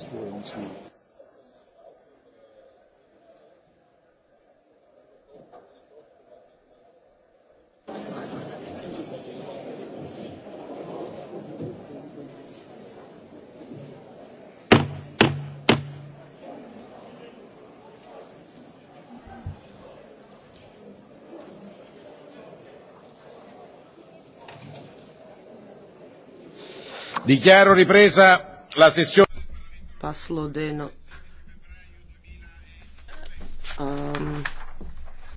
swoją służbę. dichiaro ripresa la sessione pasludinu um,